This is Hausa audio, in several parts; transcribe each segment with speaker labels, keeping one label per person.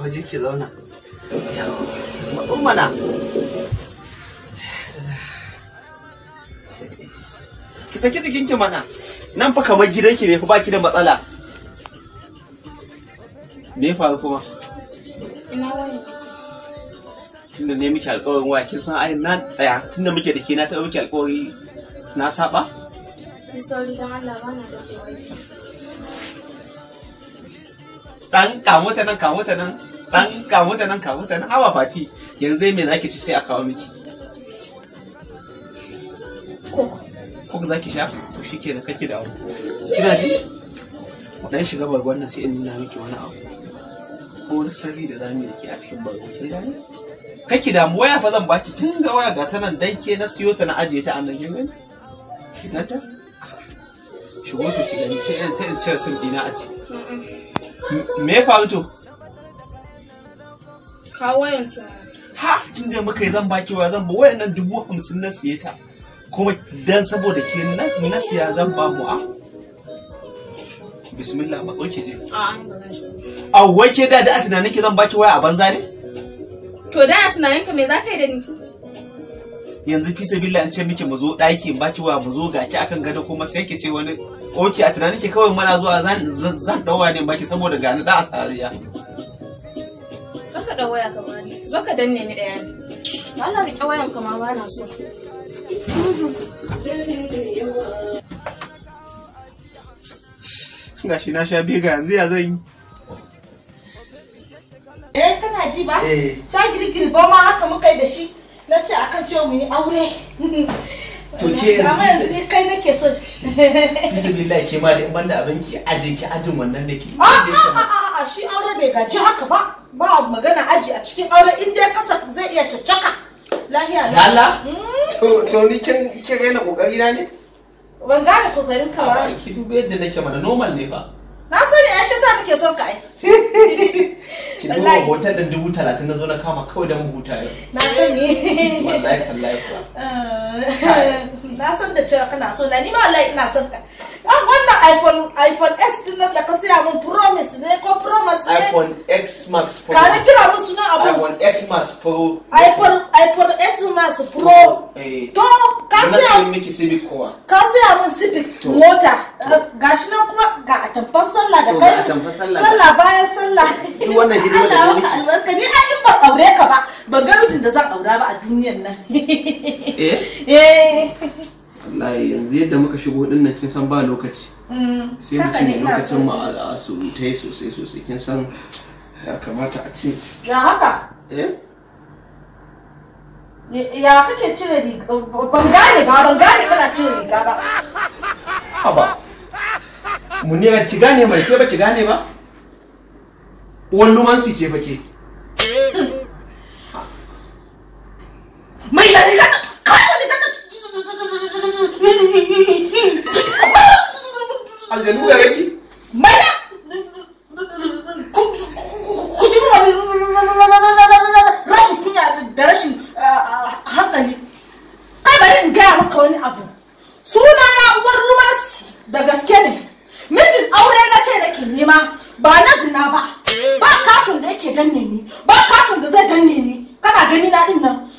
Speaker 1: to je ki zauna mana ki saki jikinki mana nan fa kamar gidanki ne fa baki da matsala me ya faru kuma tun da ne miki alƙawarin waya kin san ai na tsaya tun da muke da ke na taɓa miki alƙawari na saba dan kamuta nan kamuta nan dan kamu da nan kamu da nan hawa fati yanzu me zaki ci sai a kawo miki kok kok zaki sha to shikenan kake da abu kina ji ku dan shiga bargon nan sai in nuna miki wani abu ko wani sirri da zamu yi a cikin bargo kin gane kake damu waya fa zan baki kin ga waya ga ta nan dan ke na siyo ta na ajiye ta a nan kin gane kin ta shigo to ki gani sai in sai in cire sun dina a ci. me ya faru to kawo wayan ta ha kin da muka yi zan baki wa zan ba wayannan dubu hamsin na siye ta kuma dan saboda ke na siya zan ba mu a bismillah ba kauke, je a wake da da a tunanin ki zan baki waya a banza ne
Speaker 2: to da tunanin ka me za ka yi da ni
Speaker 1: yanzu fi sabila an ce miki mu zo ɗaki ba ki wa mu zo gaki akan gado kuma sai ki ce wani oke a tunanin ki kawai mana zuwa zan zan dawa ne baki saboda ga ni da a
Speaker 2: ka ɗau waya ka bani zo ka danne ni daya. Allah rike wayan ka ma bana so
Speaker 1: ga shi na sha biyu yanzu ya zan yi
Speaker 2: eh kana ji ba eh. sha girgir ba ma haka muka yi da shi na ce akan cewa mu yi aure
Speaker 1: to ke yanzu
Speaker 2: kai nake so bismillah
Speaker 1: ke ma da in banda abin ki aji ki ajin wannan da ke a
Speaker 2: shi aure bai gaji haka ba ba magana aji a cikin aure in dai kasa zai iya caccaka lahiya lala
Speaker 1: hmm? to ni kin kin raina kokari na ne ban gane kokarin ka ba ki dubi yadda nake mana normal ne fa
Speaker 2: Na sani ya shi sa nake son ka ai.
Speaker 1: Ki duba hotel din dubu talatin na zo na kama kawai da mahuta yau.
Speaker 2: Na sani. Wallahi tallahi kuwa. Na san da cewa kana so na ni ma wallahi ina son ka. Ah, wannan iphone iphone x din nan da ka saya mun promise ne ko promise ne iphone
Speaker 1: x max pro ka
Speaker 2: kira mun sunan abu iphone x
Speaker 1: max pro iphone
Speaker 2: iphone x max pro eh. to ka saya
Speaker 1: mun miki civic kowa
Speaker 2: ka saya mun civic mota eh, gashi nan kuma ga atamfan sallah da kai sallah bayan sallah
Speaker 1: duk wannan hidima da miki
Speaker 2: albarka ni ai ban aure ka ba ban ga mutum da zan aura ba a duniyar nan
Speaker 1: eh
Speaker 2: eh wallahi
Speaker 1: yanzu yadda muka shigo din nan kin san ba lokaci mm, sai mu cinye lokacin mu a surutai sosai sosai kin san ya kamata a ce
Speaker 2: ya haka eh ya kake cire riga ban gane ba ban gane kana cire riga ba
Speaker 1: haba munira ki gane mai ke ba ki gane ba wallumansi ce fa ke aljanu da kake mana
Speaker 2: ku ji wani rashin kunya da rashin hankali kai bari in gaya maka wani abu suna na uwar lumasi da gaske ne mijin aure na ce nake nema ba na zina ba ba katon da yake danne ni ba katon da zai danne ni kana gani na din nan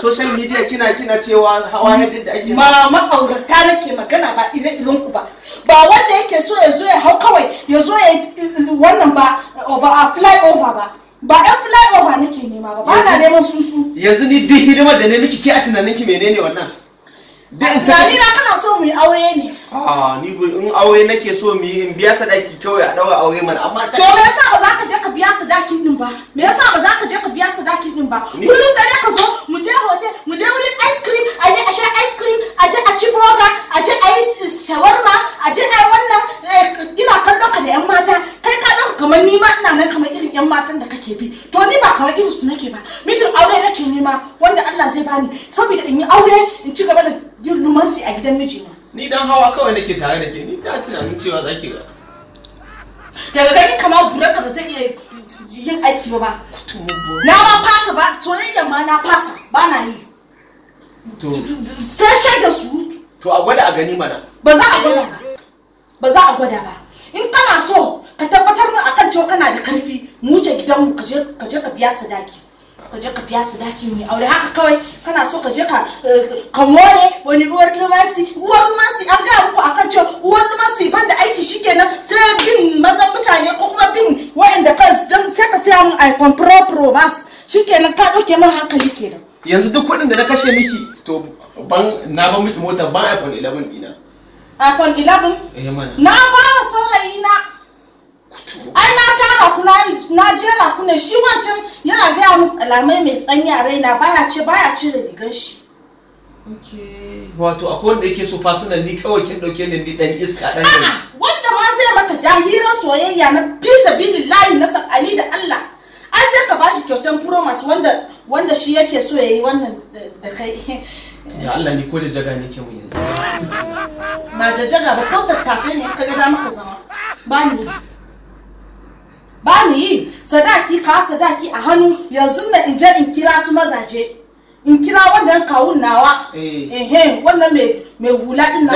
Speaker 1: social media kina kina
Speaker 2: cewa hawa yadda da ake ma ma'aurata nake magana ba ire iren ku ba ba wanda yake so ya zo ya hau kawai ya zo ya wannan ba ba a fly over ba ba a fly over nake nema ba ba na neman susu
Speaker 1: yanzu ni duk hidimar da ne miki ki a tunanin ki menene wannan tunani
Speaker 2: kana so mu yi aure ne
Speaker 1: a ah, ni in aure nake so mu yi in biya sadaki kawai a daura aure mana amma to me yasa
Speaker 2: ba za ka je ka biya sadakin din ba me yasa ba za ka je ka biya sadakin din ba kullum sai ka zo mu je hotel mu je wurin ice cream a je a sha ice cream a je a ci boga a je a yi shawarma a je a wannan eh, ina kallo ka da yan mata kai ka dauka kamar ni ma ina nan kamar irin yan matan da kake bi to ni ba kamar irin su nake ba mijin aure nake nema wanda Allah zai bani saboda in yi aure in ci gaba da yin lumansi a gidan ma.
Speaker 1: ni dan hawa kawai nake tare da ke ni da tunanin cewa za ki ga
Speaker 2: daga ganin kamar gurar ka ba zai iya yin aiki ba ba na ma fasa ba soyayya ma na fasa ba na yi to sai shaida su
Speaker 1: to a gwada a gani mana
Speaker 2: ba za a gwada ba ba za a gwada ba in kana so ka tabbatar mu akan cewa kana da karfi mu wuce gidan mu ka je ka biya sadaki ka je ka biya su daki mai aure haka kawai kana so ka je eh, ka kamore wani uwar lumasi uwar lumasi an ga muku akan cewa uwar lumasi ban da aiki shikenan sai bin mazan mutane ko kuma bin waɗanda don sai ka siya min iPhone Pro Pro Max shikenan ka dauke mun hankali kenan
Speaker 1: yanzu duk kuɗin da na kashe miki to ban na ban miki mota ban iPhone 11 dina
Speaker 2: iPhone 11 eh, na ba wa saurayi na ai na tara ku na jera ku ne shi wancan yana gaya muku alamai mai tsanya raina baya ce baya cire rigar shi
Speaker 1: wato akwai wanda yake so fasunan ni kawai kin dauke ni ni dan iska dan
Speaker 2: wanda ma zai maka dahirar soyayya na bisa sabilin layi na sakani da Allah an sai ka bashi kyautan promise wanda wanda shi yake so yayi wannan da kai
Speaker 1: ya Allah ni ko da jaga ne ke mun yanzu
Speaker 2: Na da jaga ba ko tattasai ne ka ga da maka zama ba ni kasa daki a hannu yanzu na in je in kira su mazaje in kira wannan kawun nawa eh wannan mai mai hula din na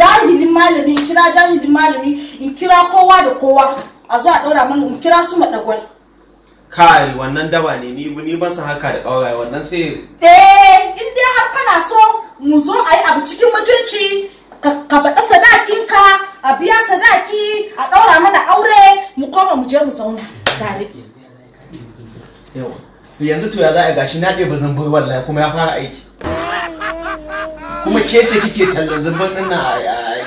Speaker 2: jahilin malami in kira jahilin malami in kira kowa da kowa a zo a daura mana in kira su madagwal
Speaker 1: kai wannan daba ne ni ni ban san haka da kawai wannan sai
Speaker 2: eh in dai har kana so mu zo a yi abu cikin mutunci ka sadakin sadakinka
Speaker 1: yanzu to ya za a gashi na ɗaya ba zan bai wallahi kuma ya fara aiki kuma ke ce kike tallan zambar nan a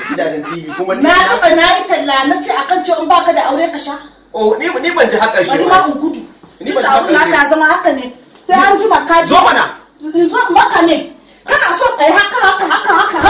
Speaker 1: gidajen TV kuma na kafa na
Speaker 2: yi talla na ce akan ce in baka da aure ka sha
Speaker 1: oh ni ni ban ji haka shi ba in gudu ni ban ji haka shi na
Speaker 2: zama haka ne sai an ji maka zo mana zo maka ne kana so kai haka haka haka haka